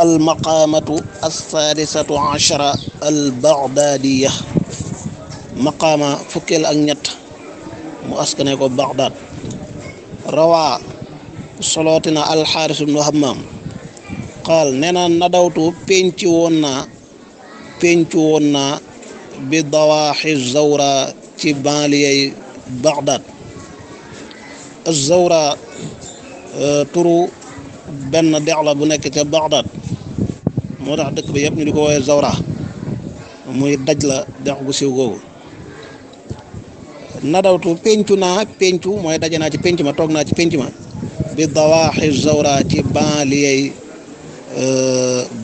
المقامة الثالثة عشرة البغدادية مقامة فكيل أنيت مؤسكنة بغداد روى صلاتنا الحارس بن همام قال ننا ندوتو بنتي ونا بنتي ونا بضواحي الزورة تبالي بغداد الزورة ترو benn dex la bu nekk ca Baxdaad moo tax dëkk bi yëpp ñu di ko woowee Zawra muy daj la dex gu siiw googu nadawtu pencu naa pencu mooy daje naa ci penc ma toog naa ci penc ma bi dawaaxi Zawra ci banlieey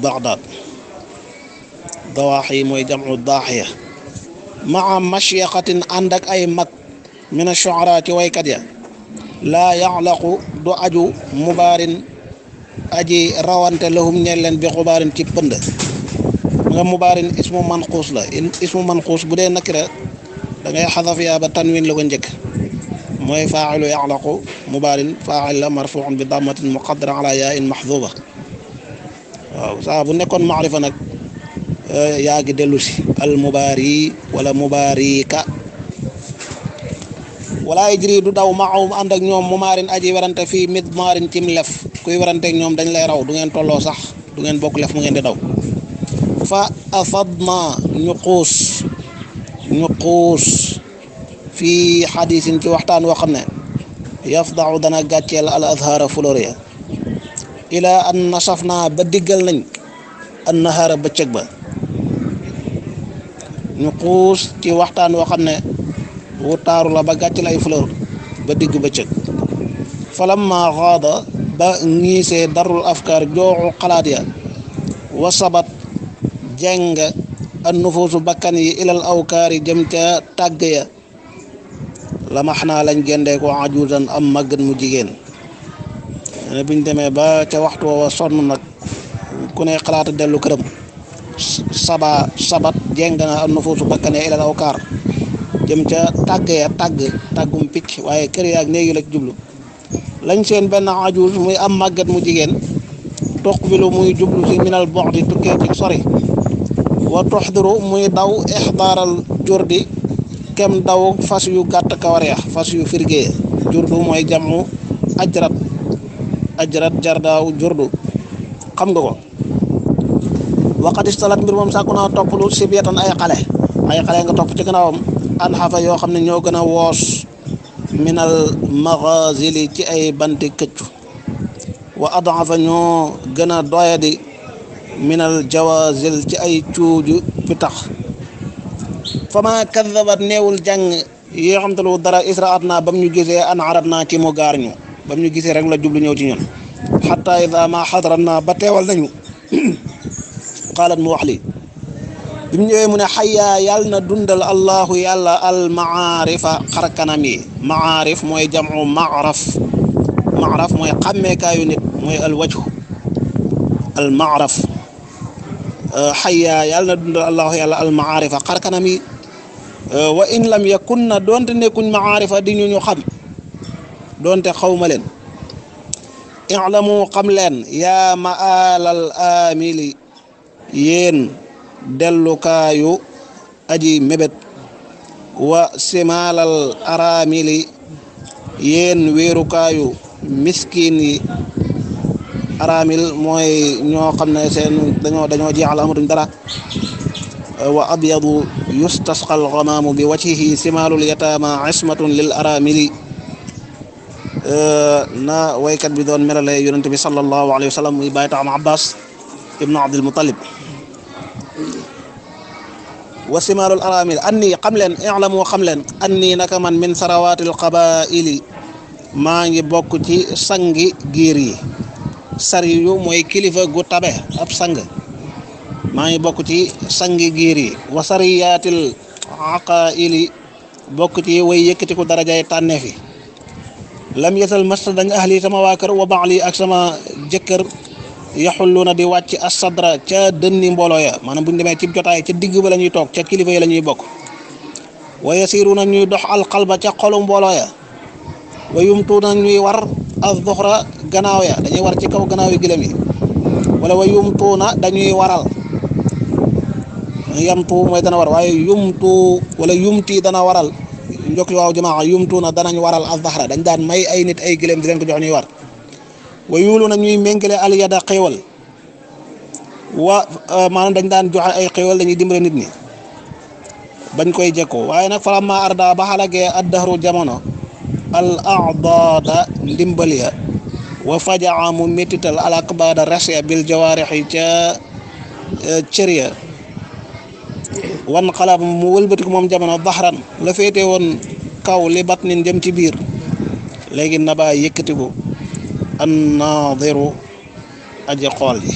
Baxdaad dawaax yi mooy jamu daaxiya maa mashiqatin ànd ak ay mag min a shuara ci waykat ya aji rawante lahum ñeel leen bi xubaarin ci pënd mubaarin ismu manquus la ismu manquus bu dee nakira da ngay xadaf yaa ba tanwin la ko njëkk mooy faaxilu yaxlaqu mubaarin bi dammatin muqaddara ala yaa in maxduba waaw saa bu eh, yaa ngi dellu al mubaari wala mubaarika wala yajri du daw maawum ànd ak ñoom mumaarin aji werante cim lef kuy waranteeg ñoom dañ lay raw du ngeen tolloo sax du ngeen bokk lef mu ngeen di daw fa afadna ñu xuus ñu xuus fii xadiisin ci waxtaan woo xam ne yafdaxu dana gàcceel al azhaara fuloria ilaa an nasafna ba diggal nañ an nahaara bëccëg ba ñu xuus ci waxtaan woo xam ne wu la ba gàcceel ay fleur ba digg bëccëg falamma xaada ba ngiisee darul afkaar jooxu xalaat ya wasabat jàng an nufuusu bakkan yi ilal awkaari jëm ca tàgg ya la naa lañ gendee ko ajuusan am màggat mu jigéen ne biñ demee ba ca waxtu woowa sonn nag ku ne xalaata dellu këram saba sabat jeng na an nufuusu bakkan ya ilal awkaar jëm ca tàgg ya tàgg tàggum picc waaye kër yaag néegi la jublu lañ seen benn ajuus muy am màggat mu jigéen tuqbilu muy jublu si minal boxdi tukkee ci sori wa tuxdiru muy daw ixdaaral jordi kem daw fas yu gàtt kawar ya fas yu firgee jurdu mooy jamu ajrat ajrat jardaaw jordu xam nga ko waqat istalat mbir moom sàkku naa topp lu sibiyatan ay xale ay xale nga topp ci gannaawam an xafa yoo xam ne ñoo gën من المغازل تي اي بانتي كتشو واضعف نو غنا دوايا دي من الجوازل تي اي تشوجو فتح فما كذب نيول جان يخمت لو درا اسرا ادنا بام نيو غيسي ان عربنا تي مو غار نيو بام نيو غيسي رك لا جوبلو نيو تي نيون حتى اذا ما حضرنا باتيوال نيو قال موحلي bi mu ñëwee mu ne xayaa yàlla na dundal allahu yàlla al maarifa xarkanam maarif mooy jamu maaraf mooy xàmmeekaayu nit mooy al wajhu al maaraf xayaa euh, yàlla dundal allahu yàlla al maarifa xarkanam euh, wa in lam yakun doonte nekkuñ maarifa di ñu ñu doonte xawma leen iclamu xam leen yaa ma'aalal aamili yéen dellukaayu aji mébét wa simaalal araamili yéen wéerukaayu miskiin yi araamil mooy ñoo xam ne seen dañoo dañoo jeexal amatuñ dara wa abyadu yustasqa alxamaamu bi wajhihi simaalul yataama ismatun lil araamili na waykat bi doon merale yonente bi sallallahu alayhi wa sallam muy bàyyi taxam abbas ibnu abdil mutalib وسمار الأرامل أني قملا اعلم وقملا أني نكمن من ثروات القبائل ما يبوك تي سنغ جيري سريو موي كليفة غطابة أب سنغ ما يبوك تي سنغ جيري وسريات العقائل بوك تي ويكتك درجة تانفي لم يزل مصر أهلي سماواكر وبعلي أكسما جكر Yahuluna di as asadra ca denni mbolo ya manam buñu demé ci jotay ci digg ba lañuy tok ca kilifa yi la wa yasiruna ñuy dox alqalba ca xolu mbolo ya wa yumtuna ñuy war az-dhuhra gannaaw ya dañuy war ci kaw gannaaw yi gilemi wala wa yumtuna dañuy waral yamtu moy dana war waye yumtu wala yumti dana waral njokk waaw jamaa yumtuuna danañ waral az-dhuhra dañ daan may ay nit ay gilem di leen ko jox ñuy war wa yuuluuna ñuy méngale alyada xéewal wa euh, maanaam dañ daan joxe ay xéewal dañuy dimbale nit ñi bañ koy jekkoo waaye nag falamma arda ba xalagee addahru jamono al acdaada ndimbal wa fajaa mu méttital al akbaada res bil jawaarixi ca euh, cër wan xalab mu wëlbatiku moom jamono baxran la féete woon kaw li batnin jëm ci biir léegi nabaa yëkkatiku annaadiru aji xool ji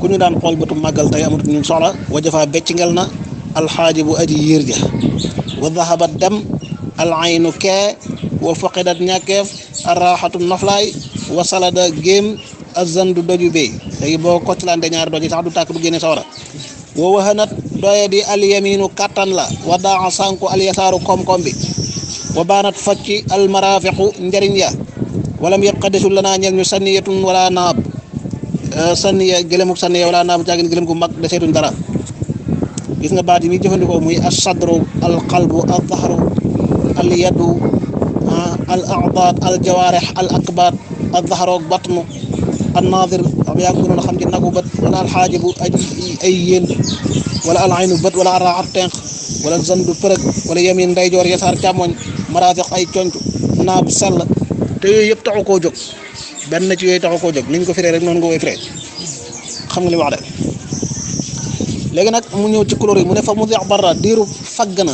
ku ñu daan xool bëtu màggal tey amatu ñu soxla wa jafa beccingel na alxaaji bu aji yiir ja wa dahabat dem alaynu kee wa faqidat ñàkkeef arraxatu noflaay wa salada géem azandu doju béy léegi boo kocclaante ñaari doj yi sax du tàkk du génne sawara wa wahanat doye di alyaminu kattan la wa daa sànku alyasaaru koom-koom bi وبانت فتي المرافق نجرينيا ولم يبقى دسول لنا نيل نسانية ولا ناب آه، سانية جلم سانية ولا ناب جاكن جلم كمك دسيتون دارا يسنا بعد مي جفن لكو مي الصدر القلب الظهر اليد آه، الأعضاء الجوارح الأكبر الظهر بطن الناظر أبي أقول الله خمجي نقوبت ولا الحاجب أيين ولا العين بط ولا الرعب ولا الزند فرق ولا يمين دايجور يسار كامون maraafeq ay conco naab sàll te yooyu yëpp taxu koo jóg benn ci yooyu taxu koo jóg niñ ko firee rek noonu nga koy firee xam nga li wax de léegi nag mu ñëw ci couleur yi mu ne fa mu dex barra diiru fagg na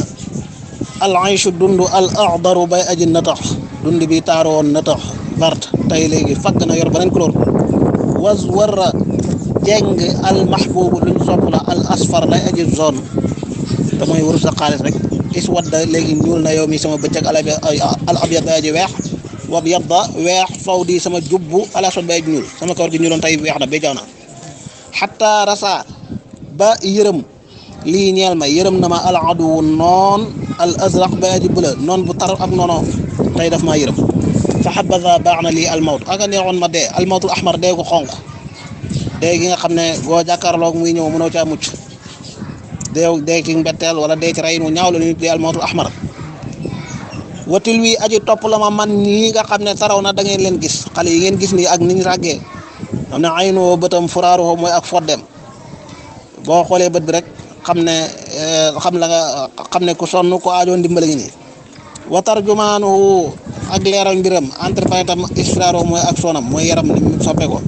al ayshu dund al axdaru bay aji natax dund bi taaroon natax bart tey léegi fagg na yor beneen couleur was warra jeng al mahbubu luñ sopp la al asfar lay aji zone te mooy wër sa xaalis rek da léegi ñuul na yow mi sama bëccëg al abyad bay aji weex wab yadda weex faw sama jubbu al aswad bay aji ñuul sama kawar gi ñuuloon tey weex na béjaaw na xataa rasa ba yërëm lii ñeel ma yërëm na ma al aduwu noon al azraq bay aji bula noon bu tar am noono tey daf ma yërëm fa xabada baax na lii almawt aka neexoon ma dee almawtul ahmar dee gu xonq dee gi nga xam ne goo jàkkaarloog muy ñëw mënoo caa mucc de ki mbettel wala de ci rayinu ñaaw ni nit yàlla mootul ahmar watil wi aji top la ma man ni nga xamne taraw na da ngeen len gis xali yi ngeen gis ni ak niñ ragge amna aynu batam bëtam moy ak fodem bo xole beut bi rek xamne ne eh, xam la nga xamne ne ku sonu ko aajo ndimbal ngi wa tarjumanu ak leeral mbiram entrepreneur tam israro ak sonam moy yaram ni soppe ko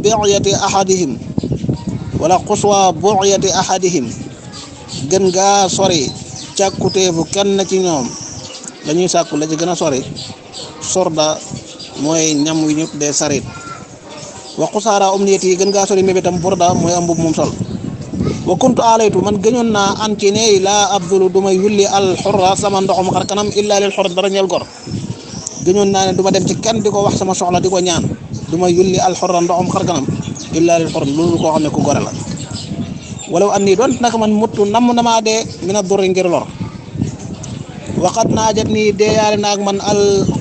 bi'yati ahadihim wala quswa bu'yati ahadihim gën gaa sori cakute kenn ci ñoom dañuy sakku la ci gëna sori sorda moy ñam wi ñu dee sarit wa sorry, umniyati gën ambu sori tam burda moy ambu mum sol wa kuntu alaytu man gënon na an ci ne la abdul duma yulli al hurra, sama ndoxum xar kanam illa lil hurra dara ñal gor gënon na ne duma dem ci kenn di wax sama soxla diko ñaan duma yulli al hurra ndoxum xar kanam illa lil hurm loolu ko xamne ku gore la walaw an nak doon naka man muttu namm namaa dee mina duri ngir lor waxat naa de yar nak man al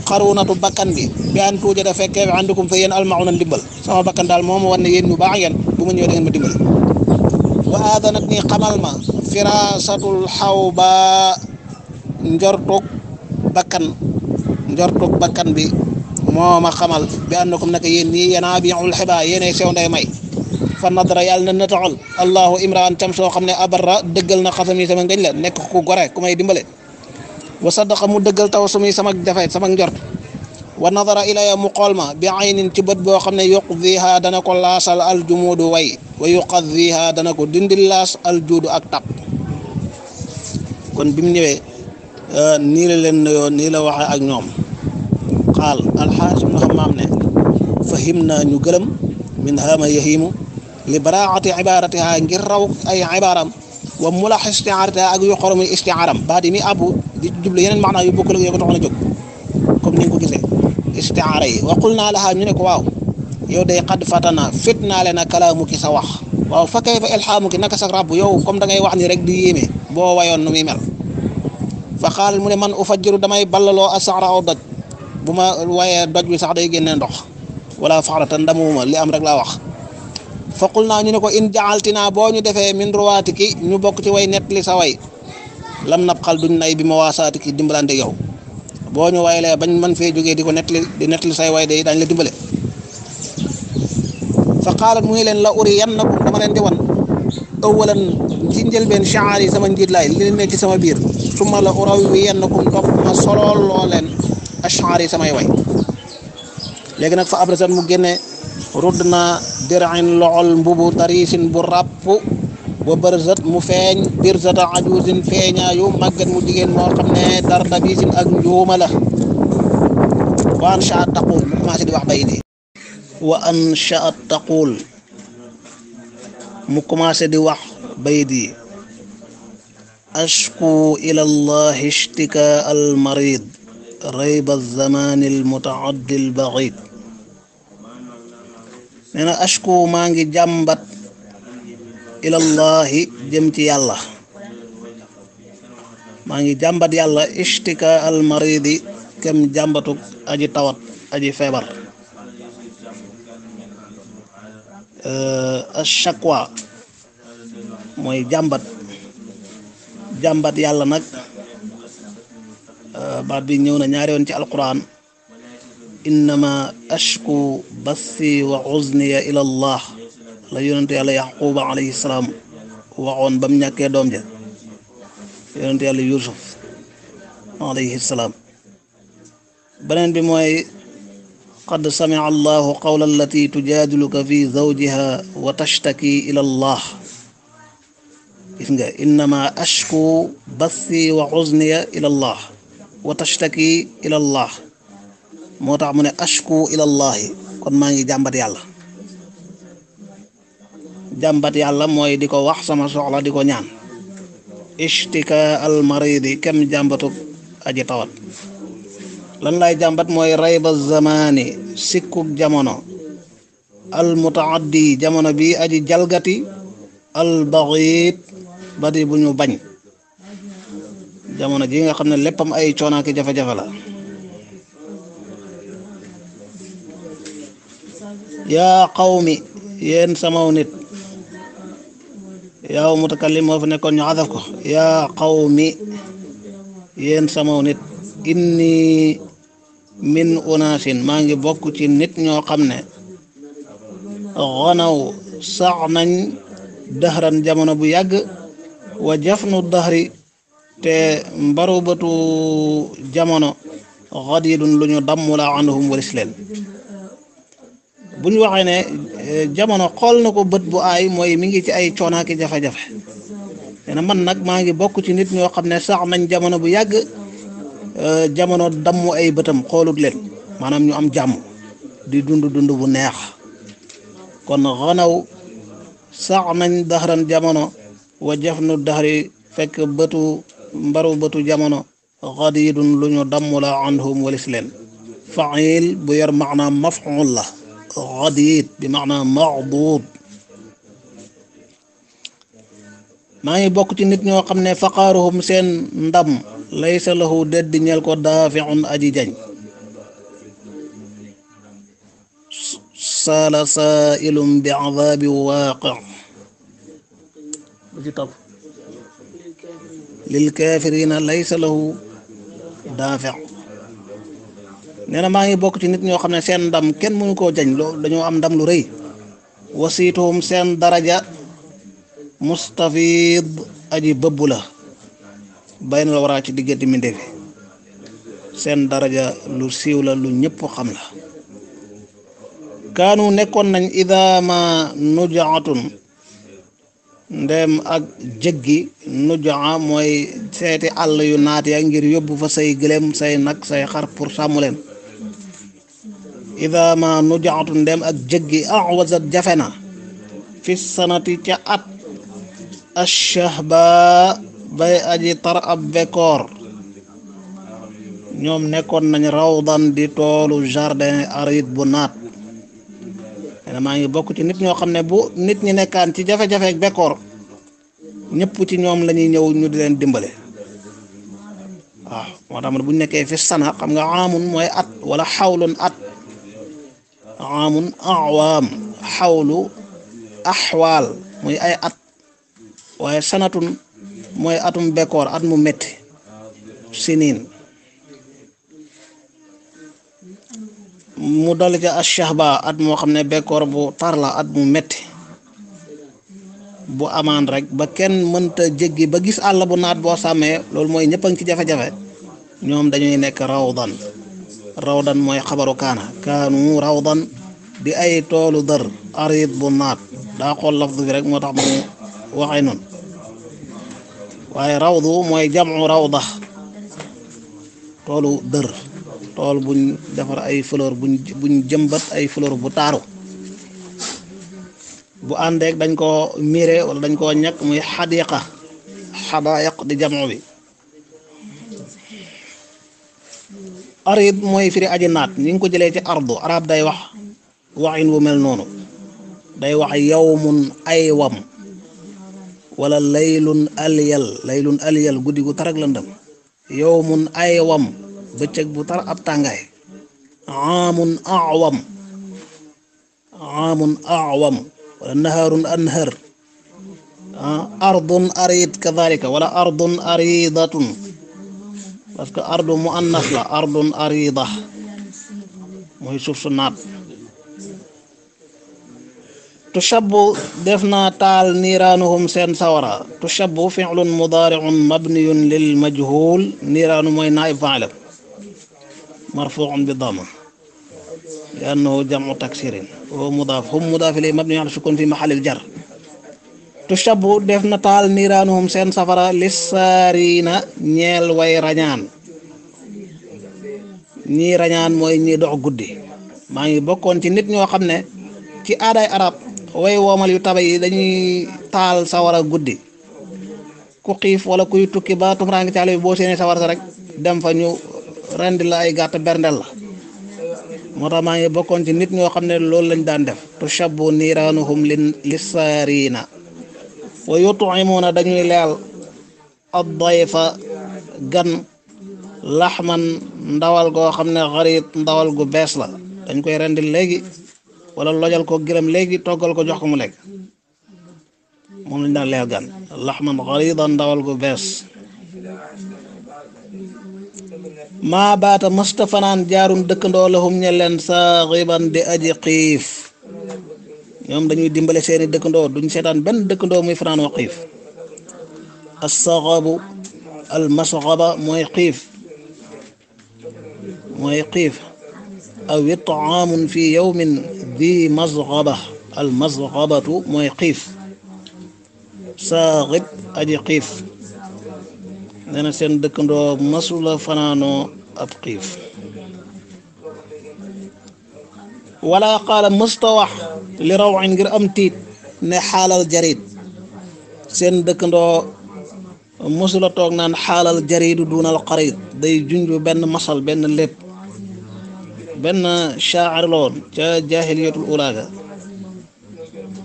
qarunatu bakan bi bi an tuje da fekke bi andikum fa al almauna ndimbal sama bakan dal mom won ne yéen ñu baax yen bu ma ñew da ngeen ma dimbal wa adanatni qamal ma firasatul hawba ba bakan bakkan bakan bi موما خمال بأنكم نكي ينابيع الحبا يني سيون داي مي فالنظر يالنا نتعل الله إمران تمسو خمني أبرا دقلنا خاسمي سمان قيلا نككو قرأ كما يدمبلي وصدق مدقل توسمي سمك دفاي سمان جرد ونظر إلى مقالمة بعين تبد بو خمني يقضيها دنك اللاس الجمود وي ويقضيها دنك دند اللاس الجود أكتب كون بمني نيل لن نيل وحا أجنوم قال الحارث بن حمام ne fahimna ñu gëlëm min hama yahimu li baraati ibaratiha ngir raw ay ibaram wa mulax istiaratiha ak yu xorom istiaram baat yi mi abu di jublu yeneen maanaa yu bokkul ak yoo ko taxoon a jóg comme ni nga ko gisee istiara yi wa qulna laha ñu ne ko waaw yow day qad fatana fitnaale na kalaamu ki sa wax waaw fa kayfa ilhaamu ki naka sa rab yow comme da ngay wax ni rek di yéeme boo wayoon nu muy mel fa xaalal mu ne man ufajjiru damay ballaloo asara aw doj bu ma waaye doj bi sax day génne ndox wala faxrata ndamuma li am rek la wax faqul naa ñu ne ko in jaaltinaa boo ñu defee min ruwaatiki ñu bokk ci way nettali sa way lam nabxal duñ nay bi ma waasaatiki dimbalante yow boo ñu waylee bañ man fee jógee di ko nettali di nettali say way day dañ la dimbale fa qaalat mu ngi leen la uri yan nakum dama leen di wan awalan ci njëlbeen chaar sama njiit laay li ne sama biir suma la uraw yi yan nakum topp ma solool leen ashari samay way léegi nag fa abrasat mu génne rudd na dirain loxol mbubu tarisin bu ràpp wa bërzat mu feeñ birzata ajusin feeñaayu màggat mu jigéen moo xam dar dabisin ak njuuma la wa ansha taqul mu commencé di wax bayit yi wa ansha taqul mu commencé di wax bayit ashku ila allah ishtika al marid ريب الزمان المتعد البعيد انا أشكو مانجي جامبات إلى الله جمتي يلا مانجي جنبت يلا اشتكى المريض كم جامباتك أجي توت أجي فيبر أه، الشكوى موي جامبات جنبت يلا نك بعد بي نياري ونتي القرآن إنما أشكو بثي وعزني إلى الله لا يونتي على يعقوب عليه السلام وعون بمنا كيدوم جا يونتي على يوسف عليه السلام بنين بموي قد سمع الله قول التي تجادلك في زوجها وتشتكي إلى الله إنما أشكو بثي وعزني إلى الله wa tashtaki ila allah moo tax mu ne ashku ila allahi kon ma ngi jambat yalla jambat yalla moy di wax sama soxla di ñaan ishtika al maridi kam jambatu aji tawat lan lay jàmbat mooy rayba zamani sikku jamono al mutaaddi jamono bi aji jalgati al baghit badi buñu bañ jamono ji nga xam ne léppam ay coono ki jafe-jafe la yaa qawmi yéen samaw nit yaaw mutakallim moo fi nekkoon ñu xadaf ko yaa mi yéen samaw nit inni min unaasin maa ngi bokk ci nit ñoo xam ne xonaw sax nañ daxran jamono bu yàgg wa jafnu daxri te bëtu jamono xadidun lu ñu damm la anhum waris leen bu ñu waxee ne eh, jamono xool na ko bët bu aay mooy mi ngi ci ay coonaaki jafe-jafe tena man nag maa ngi bokk ci nit ñoo xam ne sax nañ jamono bu yàgg eh, jamono damm ay bëtam xoolut leen maanaam ñu am jàmm di dund dund bu neex kon xanaw sax nañ daxaran jamono wa nu daxari fekk bëtu mbaru bëtu jamono xadidun lu ñu damm la anhum walif leen fail bu yor maanaam maful la xadid bi maanaam maxduud maa ngi bokk ci nit ñoo xam ne faqaaruhum seen ndam laysa lahu deddi ñel ko daafiun aji jañ saala saailum bi adabi waaqi bu ci topp lil kaafiriina laysa lahu daafi nee na maa ngi bokk ci nit ñoo xam ne seen ndam kenn mënu koo jañ loo dañoo am ndam lu rëy wasiituhum seen daraja mustafid aji bëbb la bay na la waraa ci diggante mbindeef seen daraja lu siiw la lu ñëpp xam la kaanu nekkoon nañ idaa ma nujaatun ndem ak jéggi nujaa mooy seeti àll yu naat ya ngir yóbbu fa say gëléem say nag say xar pour sàmm leen ida ma nujaatu ndem ak jéggi awasat jafe na fi sanati ca at ashahba bay aji tar ab bekoor ñoom nekkoon nañ rawdan di toolu jardin arid bu naat maa ngi bokk ci nit ñoo xam ne bu nit ñi nekkaan ci jafe-jafe bekkoor ñëpp ci ñoom lañuy ñëw ñu di leen dimbale waaw moo tax bu nekkee fi sana xam nga amun mooy at wala xawlun at amun awaam xawlu axwaal muy ay at waaye sanatun mooy atum bekkoor at mu metti siniin mu dal ca ashahba at moo xam ne bekkoor bu tar la at mu metti bu amaan rek ba kenn mënta jéggi ba gis àll bu naat boo sàmmee loolu mooy ñëpp a ci jafe-jafe ñoom dañuy nekk rawdan rawdan mooy xabaru kaana kaanu rawdan di ay toolu dër arid bu naat daa xool lafdu bi rek moo tax mu waxee noonu waaye rawdu mooy jamu rawda toolu dër tool buñ defar ay fleur buñ buñ ay fleur bu taaru bu àndeek dañ koo miire wala dañ koo ñàkk muy xadiqa xadaayaq di jamoo bi arid mooy firi aji naat ñi ko jëlee ci ardu arab day wax waxin wu mel noonu day wax yawmun aywam wala laylun aliyal laylun aliyal guddi gu tarak lëndëm yawmun aywam بچك بوتر ابتانغاي عام اعوم عام اعوم ونهر انهر ارض اريد كذلك ولا ارض اريضه بس ارض مؤنث ارض اريضه مو يشوف سنات تشبو دفنا تال نيرانهم سين سورا تشبو فعل مضارع مبني للمجهول نيران ماي نايف عالم مرفوع بالضمة لأنه جمع تكسير وهو مضاف هم مضاف إليه مبني على السكون في محل الجر تشبه def na taal niiraanuhum seen safara lissaarina ñeel way rañaan ñii rañaan mooy ñii dox guddi maa ngi bokkoon ci nit ñoo xam ne ci aaday arab way woomal yu taba yi dañuy taal sawara guddi ku xiif wala kuy tukki ba tumuraange caale boo seenee sawar sa rek dem fa ñu rendi la ay gàtt berndel la moo tax maa ngi bokkoon ci nit ñoo xam ne loolu lañ daan def tushabbu niiraanuhum lissaariina wa yutimuuna dañuy leel addayfa gan laxman ndawal goo xam ne xarit ndawal gu bees la dañ koy rendi léegi wala lojal ko gërëm léegi toggal ko jox ko mu lekk moom lañ daan leel gan laxman xaridan ndawal gu bees ما بات مستفنان جارم دكندو لهم نيلن ساغبا دي اجي قيف يوم دانيو ديمبالي سيني دكندو دون سيتان بن دكندو مي فران وقيف الصغب المصغب موي قيف او يطعام في يوم ذي مزغبة المزغبة موي قيف ساغب اجي قيف نانا سين دكندو مسولا فنانو ابقيف ولا قال مستوى لروع غير امتيت نحال الجريد سين دكندو مسولا توك نان حال الجريد دون القريض داي جونجو بن مسال بن ليب بن شاعر لون جاهليه الاولى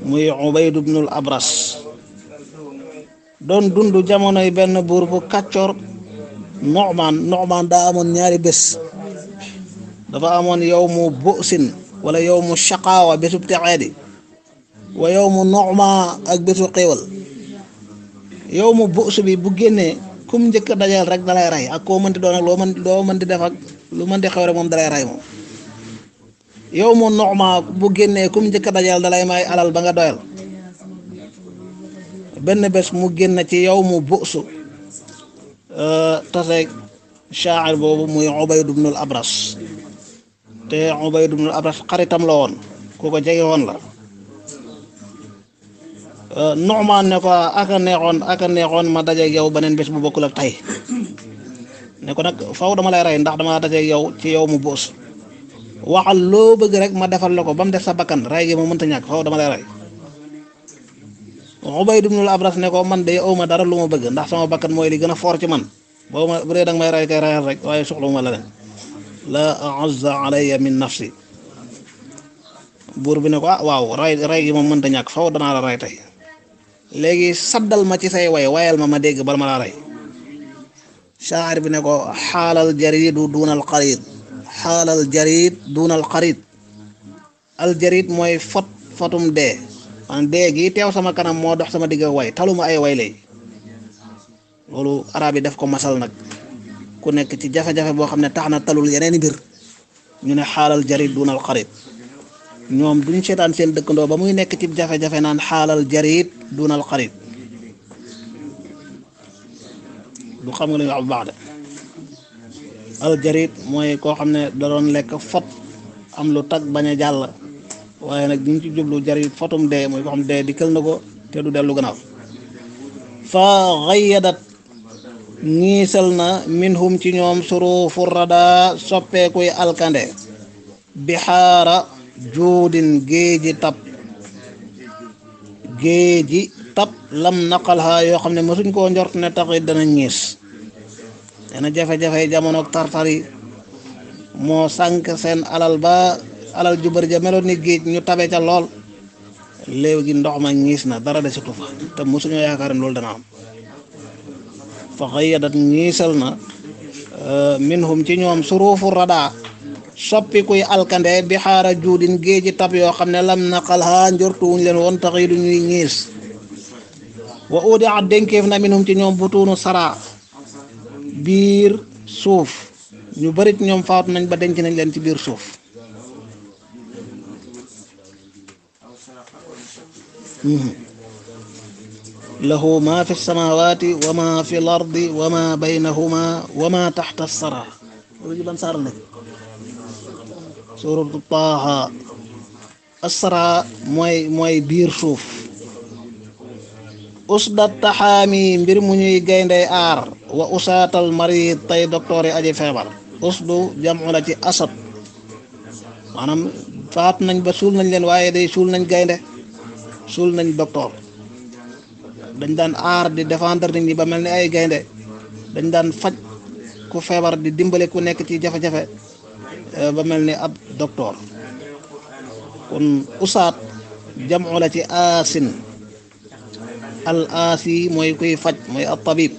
موي عبيد بن الابرس don dundu jamono yi ben buur bu kacior Nu'man Nu'man da amon ñaari bes, dafa amon yow mu bu'sin wala yawmu shaqawa shaqaawa bésub wa yawmu nu'ma ak bésu xéewal yawmu bu'su bi bu génnee kum njëkk dajal rek dalay ray ak mën mënti don ak lo mën mën mënti def ak lu mënti xew rek mom dalay ray mom yawmu nu'ma bu génnee kum njëkk dajal dalay may alal ba nga doyal benn bés mu génn ci yow mu busu euh, taseeg shaacir boobu muy Ubayd al Abras te Ubayd al Abras xaritam la woon ku ko jege woon la euh, Nu'maan ne ko aka neexoon aka neexoon ma dajeeg yow beneen bés bu bokkul ak tey ne ko nag faw dama lay rey ndax dama dajeeg yow ci yow mu buus waxal loo bëgg rek ma defal la ko ba mu def sa bakkan rey gi ma mënta ñàkk faw dama lay rey Ubayd ibnul Abras ne ko man de aw ma dara lu ma bëgg ndax sama bakkan mooy li gën a foor ci man boo ma bu dee danga may ray kay rayal rek waaye soxla ma la leen la azza alayya min nafsi buur bi ne ko ah waaw ray ray gi moom mënta ñàkk faw danaa la ray tey léegi saddal ma ci say way wayal ma ma dégg bala ma rey shaar bi ne ko xaalal jaridu duunal qarid xaalal jarid duunal qarid al jarid mooy fot fotum dee man dee teew sama kanam moo dox sama digg way taluma ay way lay loolu arab yi def ko masal nag ku nekk ci jafe-jafe boo xam ne tax na talul yeneen i mbir ñu ne xaalal jari dunal xarit ñoom duñ seetaan seen dëkkandoo ba muy nekk ci jafe-jafe naan xaalal jarit dunal xarib du xam nga li nga wax bu baax de al jarit mooy koo xam ne da doon lekk fot am lu tag bañ a jàll waaye nag ñu ci jublu jariñ fotum dee mooy boo xam dee dikkal na ko te du dellu gannaaw fa xayadat ñiisal na minhum ci ñoom surufu rada soppeekuy alkande bixaara juudin géeji tab géeji tab lam naqal ha yoo xam ne mësuñ koo njort ne taxit dana ñiis dana jafe-jafe jamonoog tartari moo sànk seen alal ba alal ju bari ja meloni geej ñu tabé ca lool léew gi ndox ma ngiss na dara sutu fa te musu ñu yaakar lool dana am fa na euh, minhum ci ñoom surufu rada soppi kuy alkande bi xaara juudin géeji tab yo xamne lam naqal ha njortu wuñ len won taxi ñuy ngiss wa udi'a denkef na minhum ci ñoom butunu sara bir suuf ñu bërit ñoom faatu nañ ba denc nañ len ci bir suuf له ما في السماوات وما في الأرض وما بينهما وما تحت السرى رجل أنصار لك سورة الطاها السرى موي موي بير شوف أصد التحامي بير مني جين دي آر وأسات المريض تي دكتوري أجي فيبر أصد جمع لك أسد مانم فات نن بسول نن لن واي دي سول نن جين دي sul nañ docteur dañ dan ar di défendre nit ñi ba melni ay gaynde dañ dan faj ku febar di dimbalé ku nekk ci jafe-jafe eh, ba melni ab docteur kon usat jamu la ci asin, al asi moy kuy faj moy ab tabib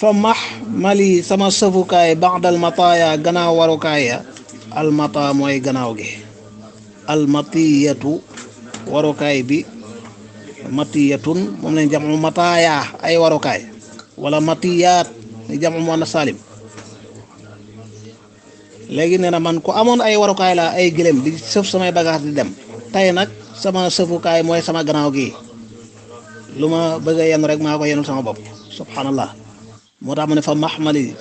famah mali sama sëfukaay ba'dal mataya gana warukaya al mata moy ganaw gi almatiyatu warokay bi matiyatun mom lañ jamu mataya ay warokay wala matiyat ni jamu salim legi neena man ko amoon ay warokay la ay gilem di seuf samay bagage di dem tay nak sama kay moy sama ganaw gi Luma ma bëgg yenn rek mako sama bop subhanallah mo ta mu ne fa mahmali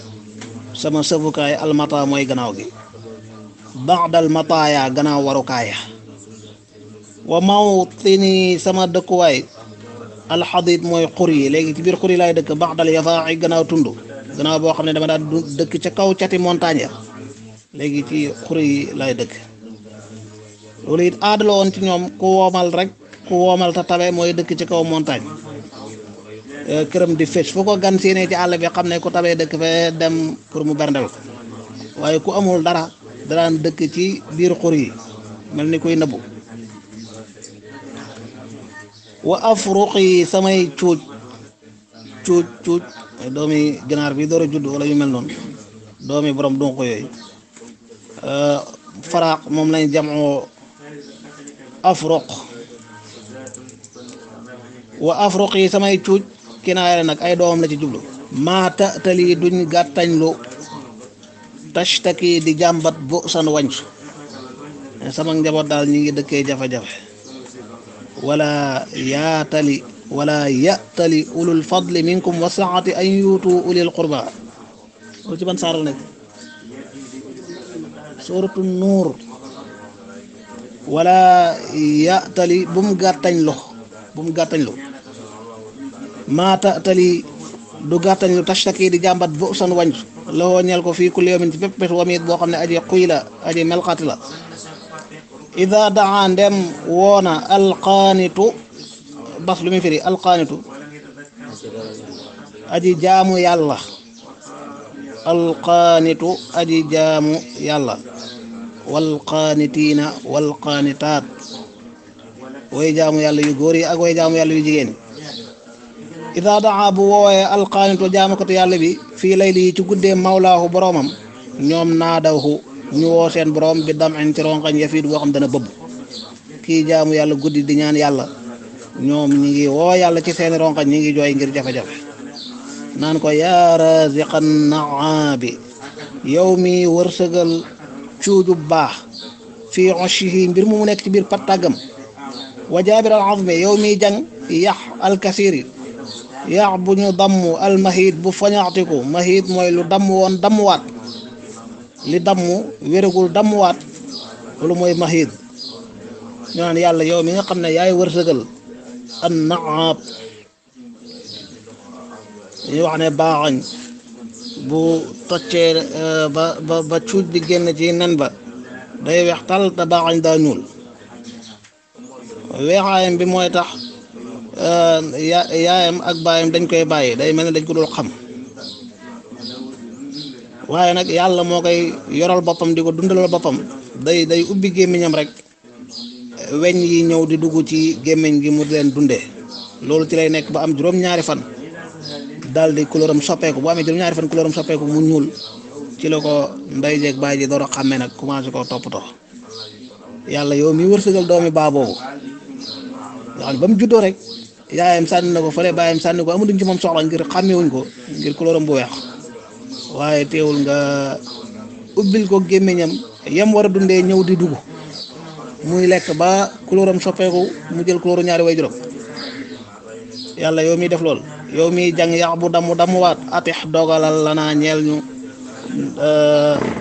sama al mata moy ganaw gi ba'dal mataaya gana warukaya, wa mawtini sama way al hadid moy khuri legi ci bir khuri lay dekk ba'dal yafa'i gana tundu gana bo xamne dama da dekk ya. ci kaw ciati montagne legi ci khuri lay dekk dëkk adlo won ci ñom ku womal rek ku womal ta tabe mooy dekk ci kaw montagne e, kërëm di fecc fu ko gan seené ci àll bi xamné ko ku dëkk dem pour mu ko ku amul dara daraan dëkk ci biir xur yi mel ni koy nabu wa yi samay cuuc cuuc cuuc doomi ganaar bi door a judd wala yu mel noonu doomi borom dunq yooyu faraq moom lañ jamoo afruq wa yi samay cuuc kinaaya nag ay doom la ci jublu maa tatali duñ gàttañlu tashtaki di jàmbat bu san wàññi sama daal ñi ngi dëkkee jafe-jafe wala yaatali wala yatali ulul fadli minkum wa saati an yuutu ulil qurba loolu suuratu nuur wala yatali bu mu gàttañ lo bu mu gàttañ lo maa tatali du gàttañ tashtaki di jàmbat bu san wàññi lawoo ko fii kulli yawmin ci bépp wamit boo xam ne aji xuy la aji melxati la ida daa ndem woona alqaanitu bas lu firi alqaanitu aji jaamu yàlla alqaanitu aji jaamu yàlla walqaanitiina walqaanitaat way jaamu yàlla yu góor yi ak way jaamu yàlla yu jigéen ida daa bu woowee alqaanitu jaamakatu yàlla bi fii layli ci guddee mawlaahu boroomam ñoom naadawhu ñu woo seen borom bi dam in ci ya yafiit boo xam dana bëbb kii jaamu yàlla guddi di ñaan yàlla ñoom ñi ngi woo yàlla ci seen rongañ ñi ngi jooy ngir jafe-jafe naan ko yaa raziqan naabi yow mi wërsëgal cuuju baax fii oshihi mbir mu mu nekk ci biir pattàggam wa jaabir al azmi yow mi yax alkasiri yaax bu ñu damm almahid bu fañaxtiku mahid mooy lu damm woon dammuwaat li damm wéragul dammuwaat loolu mooy mahid ñu naan yàlla yow mi nga xam ne yaay wërsëgal an naab dañuy wax ne baaxañ bu toccee ba ba ba cuuj bi génn ci nen ba day weex tal te baaxañ daa ñuul weexaayam bi mooy tax Euh, ya yaayam ak baayam dañ koy bàyyi day mel ne dañ ko dul xam waaye nag yàlla moo koy yoral boppam di ko dundaloo boppam day day ubbi gémmiñam rek weñ yi ñëw di dugg ci gémmiñ gi mu leen dunde loolu ci lay nekk ba am juróom-ñaari fan daal di couleuram soppeeku bu amee juróom-ñaari fan couleuram soppeeku mu ñuul ci la ko ndey jeeg baay ji door a nag commencé koo toppatoo yàlla yow mi wërsëgal doomi baa boobu ba mu juddoo rek yaayam sànni na ko fële bàyyam sànni ko amuduñ ci moom soxla ngir xàmmewuñ ko ngir kulóoram bu weex waaye teewul nga ubbil ko gémmiñam yam war a dundee ñëw di dugg muy lekk ba kulóoram soppeeku mu jël kulóoru ñaari way juróom yàlla yow miy def lool yow miy jàng yax bu damu damuwaat atix dogalal lanaa ñeel ñu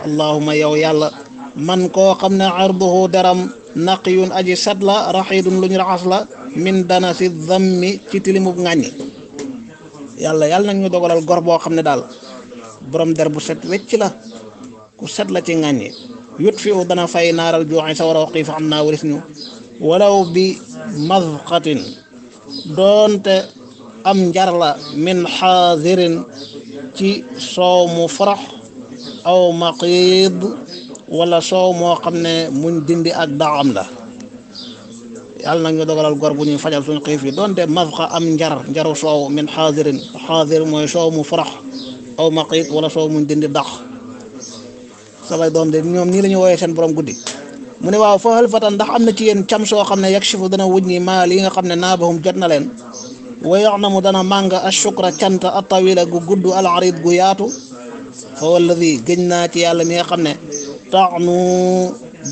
allahuma yow yàlla man koo xam ne arduhu daram naqiyun aji sadla, la raxidun luñ raxas من دناس الذم تتلي مبغاني يلا يلا نيو دوغال الغربو خمنا دال برم دربو ست ويتشلا كو ست لا تنغاني يطفئ دانا فاي نار الجوع سورا وقيف عنا ورسنو ولو بمذقة دونت أم جرلا من حاضر تي صوم فرح أو مقيد ولا صوم وقمنا من دندي أكدا عمله يالنا نيو دوغال غور بو نيو فاجال سون خيف دون دي مافخا ام نجار نجارو سو من حاضر حاضر موي سو مو فرح او مقيت ولا سو مو ديندي داخ صباي دوم دي نيوم ني لا نيو وويه سن بروم غودي مو ني واو فهل فتان داخ امنا تي ين تيام سو خامنا يكشف دنا وجني ما ليغا خامنا نابهم جاتنا لين ويعلم دنا مانغا الشكر كانت الطويله غو غودو العريض غو ياتو هو الذي جننا تي يالا مي خامنا تعنو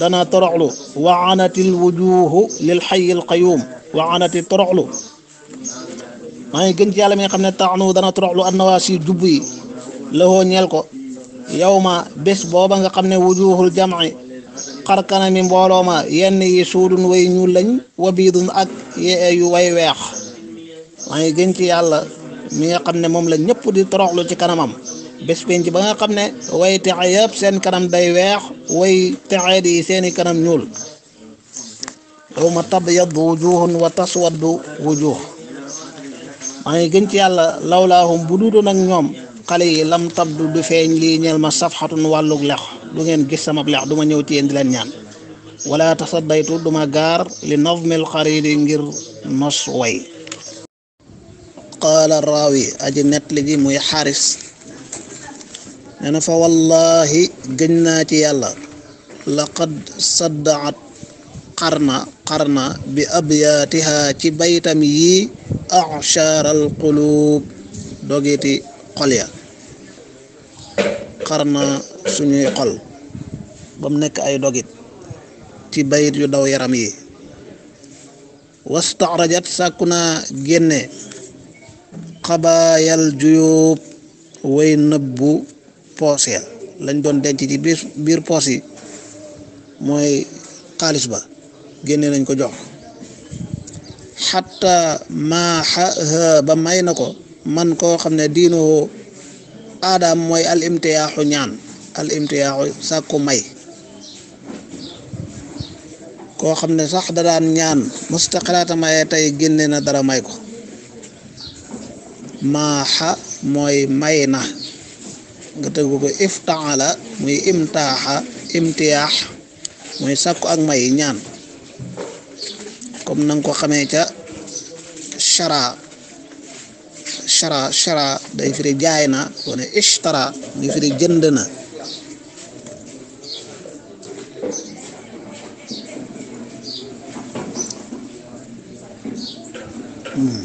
دنا ترعلو وعنت الوجوه للحي القيوم وعنت ترعلو ما يجن جال من خمنا تعنو دنا ترعلو النواسي جبي له نيلكو يوما بس بابا خمنا وجوه الجمع قركنا من بولوما ين يسود وينولن وبيض أك يأي ويويخ ما يجن جال من خمنا مملا نبودي ترعلو تكنا مم bés penc ba nga xam ne way texe yëpp seen kanam day weex way texe di seeni kanam ñuul yawma tabyaddu wujuhun wa wujuh maa ngi gën ci yàlla lawlaahum bu duudoon ak ñoom xale yi lam tabdu du feeñ lii ñeel ma safxatun wàllug lex du ngeen gis sama lex duma ñëw ci yéen di leen ñaan wala tasaddaytu duma gaar li nazmil xaridi ngir nos way qaala rawi aji net li muy nee na fa wallahi gëñ naa ci yàlla laqad saddaat qarna qarna bi abyaatiha ci baytam yi acshaaral quluub dogiti xol ya qarna suñuy xol ba mu nekk ay dogit ci bayit yu daw yaram yi wastaxrajat sàkku naa génne xabaayal way nëbbu poos ya lañ doon denc ci biir biir poos yi mooy xaalis ba génne nañ ko jox xatta maaxa ba may na ko man koo xam ne diinoo aadaam mooy al imtiyaaxu ñaan al imtiyaaxu sàkku may koo xam ne sax da daan ñaan mësta xalaata maye tey génne na dara may ko maaxa mooy may na nga teg ko iftaala muy imtaaxa imtiyaax muy sàkku ak may ñaan comme na ko xamee ca chara chara chara day firi jaay na wane ishtara muy firi jënd na hmm.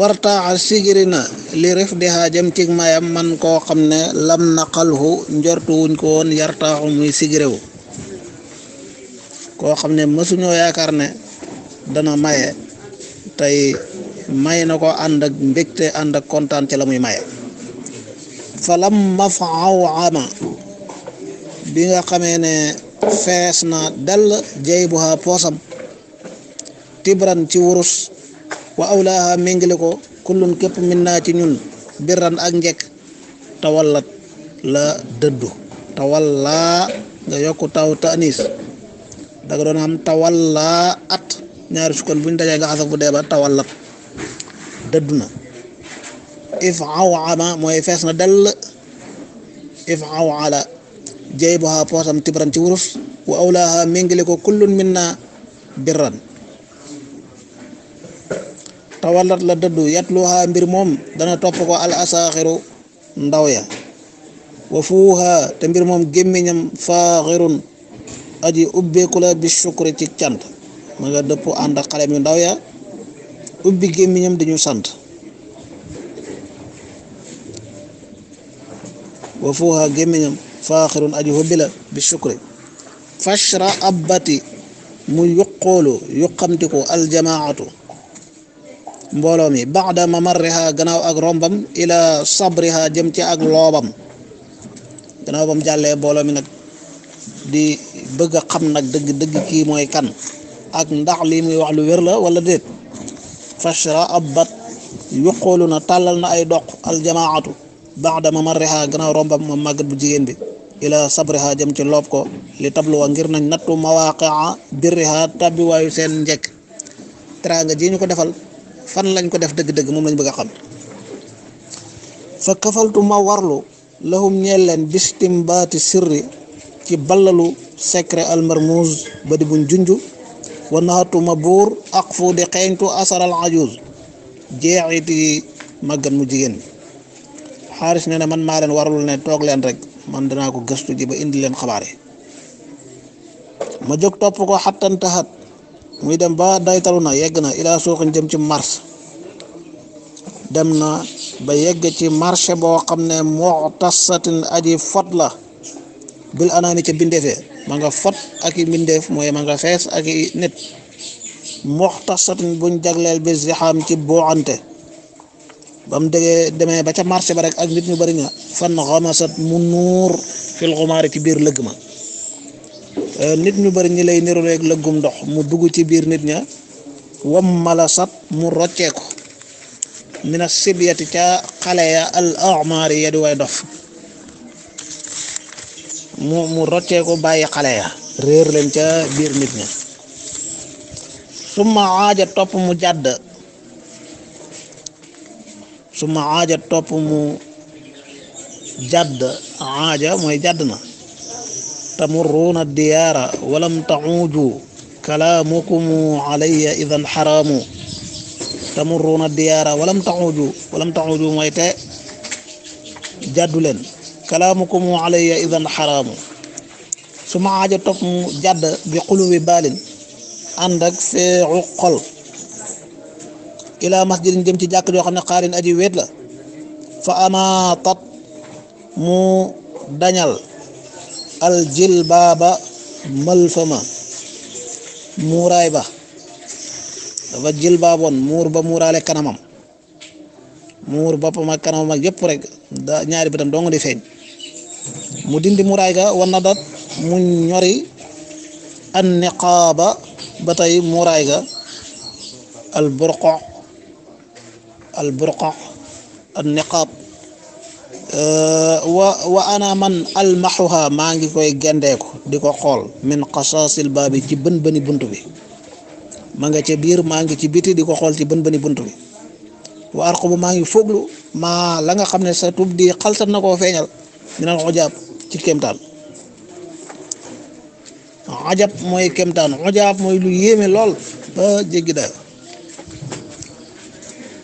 wartaa sigiri na li ref di xaa cig mayam man koo xam ne lam naqalhu njortu wuñ ko woon yartaaxu muy sigréwu koo xam ne mësuñoo yaakaar ne dana maye tey may na ko ànd ak mbégte ànd ak kontaan ci la muy maye falam mafaaw ama bi nga xamee ne fees na dell jay bu xaa poosam tibran ci wurus wa awlaaha méngale ko Kulun kep minna cinyun ci ñun biran ak tawallat la deddu tawalla nga yokku taw tanis nga doon am tawalla at ñaar sukkon buñ dajé nga xasaf bu tawallat dëddu if'au if ama mooy fees na if ala jey posam tibran ci wuruf wa awlaha kullun minna birran tawallat la dëddu mbir moom dana topp ko al asaaxiru ndaw ya wa fuuha te mbir moom gémmiñam faaxirun aji ubbeeku la bi ci cant ma nga dëpp ànd yu ndaw ya ubbi gémmiñam dañu sant wa fuuha gémmiñam faaxirun aji hubbi la fashra abbati mu yuqoolu yuqamtiku aljamaatu mbooloo mi baxda mamarriha gannaaw ak rombam ila sabriha jëm ci ak loobam gannaaw bam jàllee mbooloo mi nag di bëgg xam nag dëgg dëgg kii mooy kan ak ndax li muy wax lu wér la wala déet fashra abbat yuqoolu na tàllal na ay doq aljamaatu baxda mamarriha gannaaw rombam moom màggat bu jigéen bi ila sabriha jëm ci loob ko li tabluwa ngir nañ nattu mawaqia birriha tabbiwaayu seen njekk teraanga ji ko defal fan lañ ko def deug deug mom lañ bëgg xam fa kafaltu ma warlu lahum ñeel leen bistimbat sirri ci ballalu secret almarmuz ba di buñ junju wa nahatu mabur aqfu di qaintu asar al ajuz jeexiti magan mu jigen haris neena man ma leen warlu ne tok leen rek man dana ko gëstu ji ba indi leen xabaare ma jog top ko hatta tahat muy dem ba day talu na yegg na ilaa suuxin jëm ci mars dem na ba yegg ci marché boo xam ne muxtasatin aji fot la bil anaami ci bindeefee ma nga fot ak i bindeef mooy ma nga fees ak i nit muxtasatin buñ jagleel bi zixaam ci buuxante ba mu demee ba ca marché ba rek ak nit ñu bari nga fan xamasat mu nuur fil xumaari ci biir lëg ma Eh, nit ñu bari ñi lay niru rek lëggum ndox mu dugg ci biir nit ña wam malasat mu mu ko mina sibiyati ca xale ya al a'mar ya doa way dof mu mu rocceeku bàyyi xale ya reer leen ca biir nit ña summa aaja top mu jadd suma aaja top mu jadd aaja moy jadd na تمرون الديار ولم تعوجوا كلامكم علي إذا حرام تمرون الديار ولم تعوجوا ولم تعوجوا ميتا جدلا كلامكم علي إذا حرام ثم عجبتكم جد بقلوب بال عندك في عقل إلى مسجد جمتي جاك جو خمنا قارن أجي ويت fa amaatat mu dañal aljilbaaba malfama muuraay ba dafa jilbaaboon muur ba muuraale kanamam muur boppam ak kanamam ak yëpp rek da ñaari bitam dong di feeñ mu dindi muuraay ga war dat mu ñori an niqaaba ba tay muuraay ga al burqo al burqo an niqaab Euh, wa wa ana man almaxuha maa ngi koy gendeeku di ko xool min xasaasil baabi ci bën bëni bunt bi ma nga ca biir maa ngi ci biti di ko xool ci bën bëni bunt bi wa arqubu maa ngi fooglu maa langa xam ne sa tub di xaltat na koo feeñal minal xujaab ci kéemtaan ajab mooy kéemtaan xujaab mooy lu yéeme lool ba jéggi dayo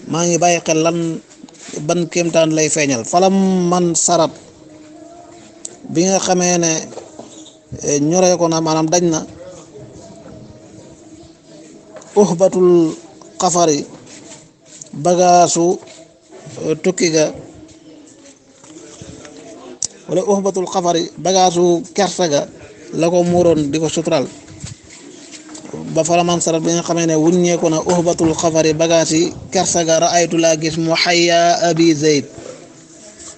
maa ngi bàyyi xel ban kemtan lay feñal falam man sarat bi nga xamé né e, ñoré ko na manam dañ na uhbatul qafari bagasu e, tukki ga wala uhbatul qafari bagasu kersa ga lako ko diko di sutural ba falaman sarat bi nga xamee ne wuññeeku na uhbatul xafari bagaas yi kersa ga raaytu laa gis mu xaya abi zeyd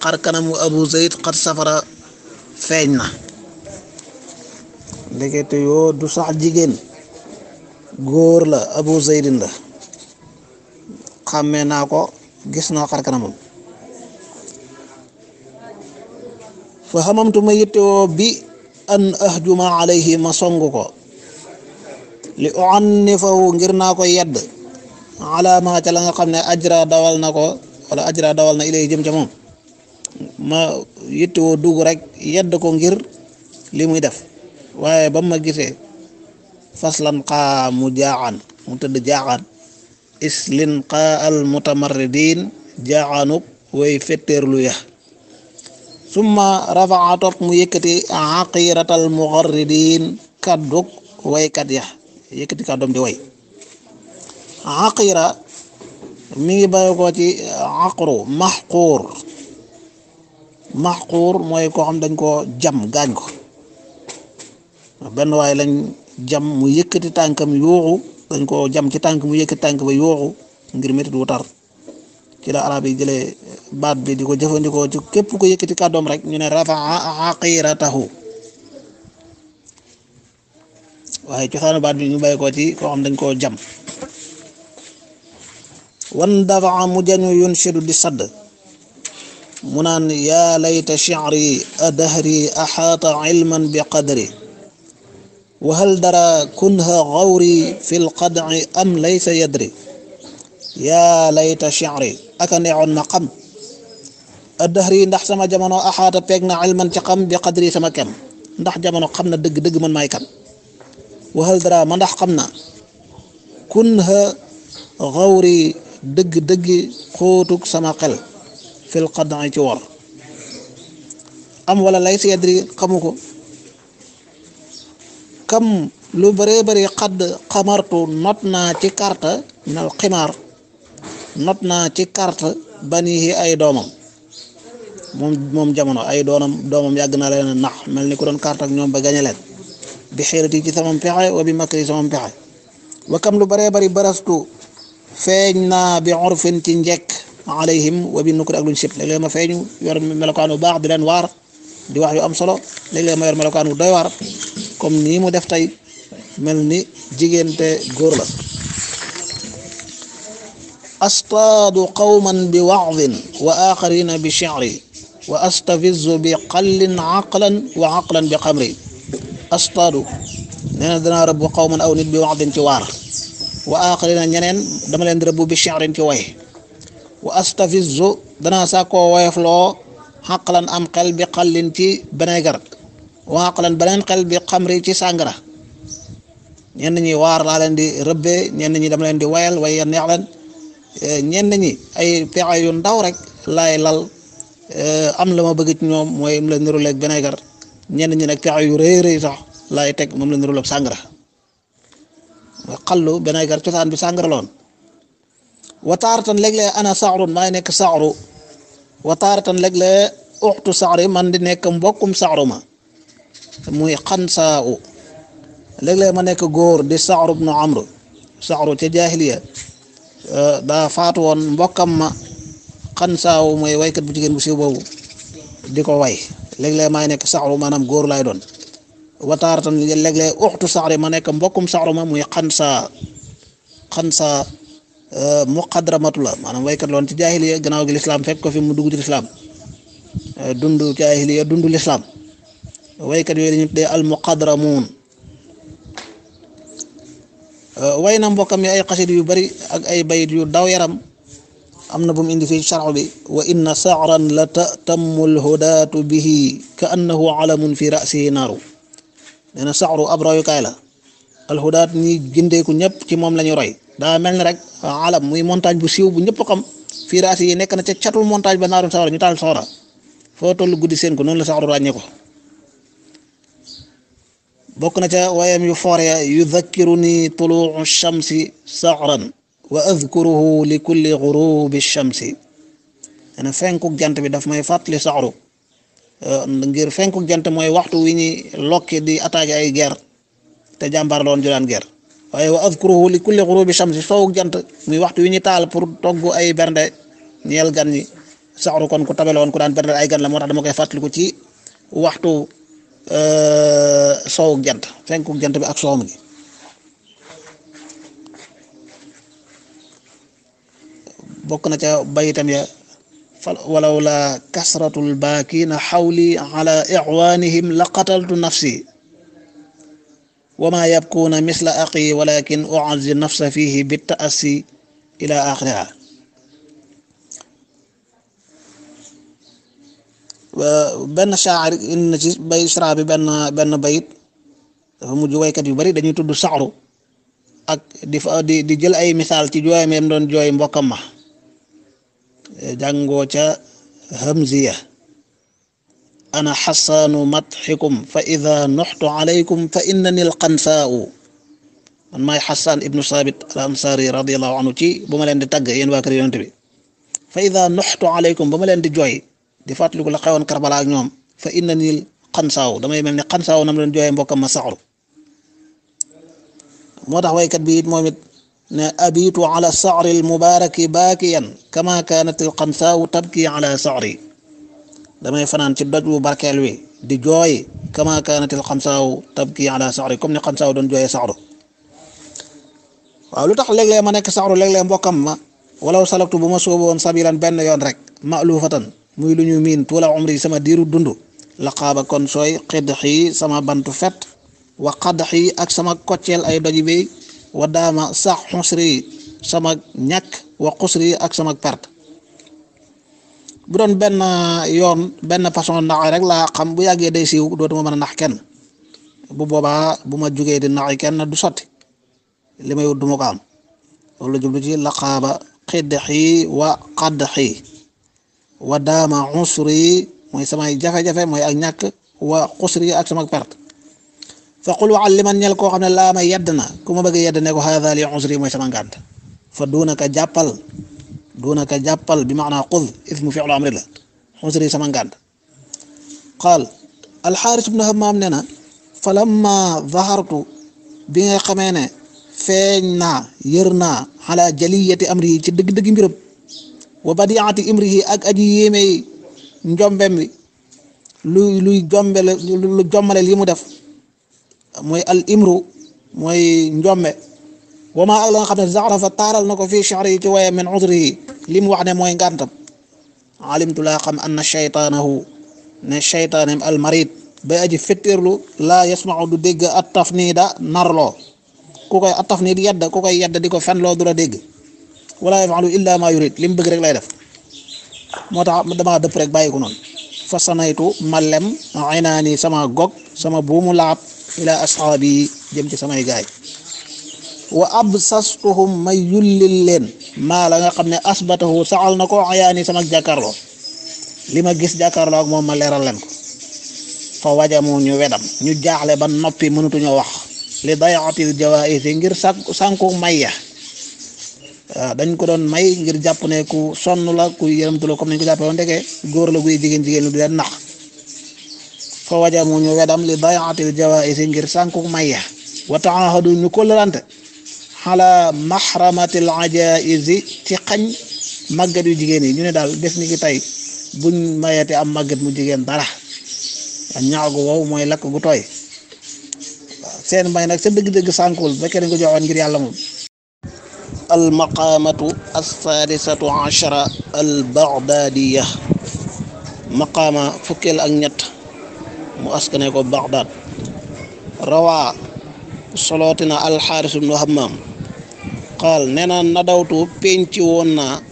xar abu zeyd xat safara feeñ na ndekete yoo du sax jigéen góor la abu zeydin la xàmmee naa ko gis naa xar kanamam fa xamamtu ma yittewoo bi an ahjuma alayhi ma song ko li uannifahu ngir naa ko yedd ala ma ca xam ne ajra dawal na ko wala ajra dawal na ilay jëm ca moom ma yittewoo dugg rek yedd ko ngir li muy def waaye ba ma gisee faslan xaa mu jaaxaan mu tëdd jaaxaan islin xaa al mutamarridin jaaxaanuk way fetteerlu ya summa rafaa topp mu yëkkati aqiiratal mugarridin kadduk waykat ya yëkkati kàddoom di way aqira mi ngi bàyyi ko ci eh, aqru maxquur maxquur mooy koo xam dañ koo jam gaañ ko benn waay lañ jam mu yëkkati tànkam yooxu dañ koo jam ci tànk mu yëkkati tànk ba yooxu ngir métit wu tar ci la arab jële eh, baat bi di ko jëfandikoo ci képp ko yëkkati kàddoom rek ñu ne rafaa aqiratahu waaye cosaanu baat bi ñu bàyyi ko ci koo xam dañ koo jam wan dafa mu jañu yunshidu di sadd mu naan yaa layta shi'ri adahri axaata ilman bi qadri wa hal dara kunha gawri fi lqadci am laysa yadri yaa layta shi'ri aka neexoon ma xam adahri ndax sama jamono axaata peeg na ilman ci xam bi qadri sama kem ndax jamono xam na dëgg dëgg man maay kan waxal dara ma ndax xam na kun ha xawri dëgg dëgg xóotug sama xel fil xadan ci wor am walla lay si yadri xamu ko kam lu bëree bëri xadd xamartu not naa ci carte nal ximaar not naa ci carte banihi ay doomam moom moom jamono ay doonam doomam yàgg na leen nax mel ni ku doon carte ak ñoom ba gañe بخيرتي تي سامام بخاي وبمكري سامام بخاي وكم لو بري بري برستو فاجنا بعرف تنجك عليهم وبنكر اكلون شيب لا ما فاجنو يور ملكانو باخ دلن وار دي واخ يو ام صلو لا ما يور ملكانو دوي وار كوم ني مو ديف تاي ملني جيجنت غور لا اصطاد قوما بوعظ واخرين بشعري واستفز بقل عقلا وعقلا بقمري astaadu nee na danaa rëbb xawman aw nit bi waxdin ci waar wa aaxarina ñeneen dama leen di rëbb bi shi'rin ci way wa astafizu danaa sàkkoo woyofloo xaqalan am xel bi xallin ci benegar wa xaqalan beneen xel bi xamri ci sàngara ñenn ñi waar laa leen di rëbbee ñenn ñi dama leen di wayal way ya neex leen ñenn ñi ay pexe yu ndaw rek laay lal am la ma bëgg ci ñoom mooy mu la niruleeg benegar ñenn ñi nag pexe yu rëy rëy sax laay teg moom la ñu rëloob sàngara wa xallu benn gar cosaan bi sàngara loon wataaratan léeg-léeg ana saarun maay nekk saaru wataaratan léeg-léeg uxtu saari man di nekk mbokkum saaru ma muy xan saa u léeg ma nekk góor di saaru bnu amru saaru ca jaahiliya daa faatu woon mbokkam ma xan saa u mooy bu jigéen bu siiw boobu di ko way léeg-léeg maay nekk saxru maanam góor laay doon wataaratan léeg-léeg uxtu saxri ma nekk mbokkum saxru ma muy xansa xansa euh, muqadramatu la maanaam waykat loon ci jaahiliya gannaaw gi lislaam fekk ko fi mu dugg ci lislaam euh, dund jaahiliya dund lislaam waykat yooyu dañu tuddee al euh, way na mbokkam mi ay xasit yu bari ak ay bayit yu daw yaram am na bu mu indi fii sharx bi wa inna saaran la tatammu lhudaatu bihi ka annahu alamun fi rasihi naaru nee na saaru ab royukaay la alhudaat ñi gindeeku ñëpp ci moom la ñu roy daa mel ni rek alam muy montagne bu siiw bu ñëpp xam fii raas yi nekk na ca catu montagne ba naarun sawara ñu taal sawara foo toll guddi seen ko noonu la saaru ràññee ko bokk na ca wayam yu foore yudhakkiruni tuluu shamsi saaran وأذكره لكل غروب الشمس أنا فنكوك جانت بدف ما يفاتلي سعرو ngir fenkuk jant mooy waxtu wi ñi lokki di attaqué ay guerre te jàmbaar loon ju daan guerre waaye wa azkuruhu li kulli ghurubi shamsi sowuk jant waktu waxtu wi ñi taal pour togg ay bernde ñeel gan ñi saxru kon ku tabel woon ku daan bernde ay gan la moo tax dama koy fàttaliku ci waxtu sowuk jant bokk na ca bayitam ya walaw la kasratul baakina xawli ala ixwaanihim la qataltu nafsi wama yabkuuna misla aqi walakin uazi nafsa fihi bittaassi ila axiriha benn shaar indi na ci bay sra bi benn benn bayit dafa mujj waykat yu bari dañuy tudd saxru ak di di jël ay misaal ci jooyam yam doon jooy mbokkam ma jàngooca hamziya ana xasaanu matxikum fa ida noxtu alaykum fa innani alqansaau man maay xasaan ibnu saabit al ansaari radiallahu anhu ci bu ma leen di tagg yéen waa kër yonent bi fa ida noxtu alaykum ba ma leen di jooy di fàttaliku la xewoon karbala ak ñoom fa innani alqansaaw damay mel ni qansaaw nam leen jooyee mbokkam ma saxru moo tax waykat bi it moom it أبيت على سعر المبارك باكيا كما كانت القنثاء تبكي على سعري لما يفنان تبدأ مبارك الوي دي جوي كما كانت القنثاء تبكي على سعري كم القنثاء دون جوي سعره ولو تخ لك لما نك سعره لك لما بكم ما ولو سلكت بمسوب سبيلا بين يون رك مألوفة muy lu ñu miin tuula umri sama diiru dund laqaaba kon sooy xidxi sama bantu fet wa xadxi ak wa daama sax xusri sama ñàkk wa xusri ak sama perte bu doon benn yoon benn façon nax rek laa xam bu yàggee day siiw dootuma mën a nax kenn bu boobaa bu ma jugee di naxi kenn du sotti li may wut du ma ko am la jublu ci laqaaba xiddaxi wa xaddaxi wa daama xusri mooy samay jafe-jafe mooy ak ñàkk wa xusri ak sama perte فقل علمنا نلقو خمنا لا ما يدنا كما بغى يدنا كو هذا لي عذري ما سمانغانت فدونك جابل دونك جابل بمعنى قذ اسم فعل امر الله عذري سمانغانت قال الحارث بن همام ننا فلما ظهرت بيغا خمينا فيننا يرنا على جلية أمره تي دغ دغ ميرم وبديعة امره اك اجي يمي نجومبم لوي لوي جومبل لو جومال لي مو موي الامرو موي نجومي وما اغلى خبر الزعر فطار نكو في شعري توي من عذري لم وعد موي غانتم علمت لاقم ان الشيطان هو ان الشيطان المريض باجي فترلو لا يسمع دو ديغ التفنيد نارلو كوكاي التفنيد يد كوكاي يد ديكو فنلو دولا ديغ ولا يفعل الا ما يريد لم بغ رك لاي داف موتا دا ما بايكو نون فصنايتو ملم عيناني سما غوك سما بومو لاب ila ashabi dem ci samay gaay wa absastuhum may yullil len ma la nga xamne asbatahu sa'al nako ayani sama jakarlo lima gis jakarlo ak mom ma leral len ko fa wajamu ñu wedam ñu jaaxle ba mënutu ñu wax li dayaati jawaisi ngir sanku maya ya. ah, dañ ko don may ngir japp ne ku sonu la ku yërëmtu la comme nañ ko won gor la guy lu nax fa wajamu ñu wedam li dayaatil jawaisi ngir sànku maya wa taahadu ñu kóllërante xala mahramatil ajaisi ci xañ màggat yu jigéen yi ñu ne daal des ni ki tey buñ mayate am màggat mu jigéen dara ñaax gu wow mooy lakk gu tooy seen may nag sa dëgg-dëgg sànkul fekkee dañ ngir yàlla moom al maqaamatu al baghdadiya maqaama fukkeel ak ñett mu askane ko Bagdad rawaa solootina alxaaris ibnu hammaam qaal nee na nadawtu penc woon naa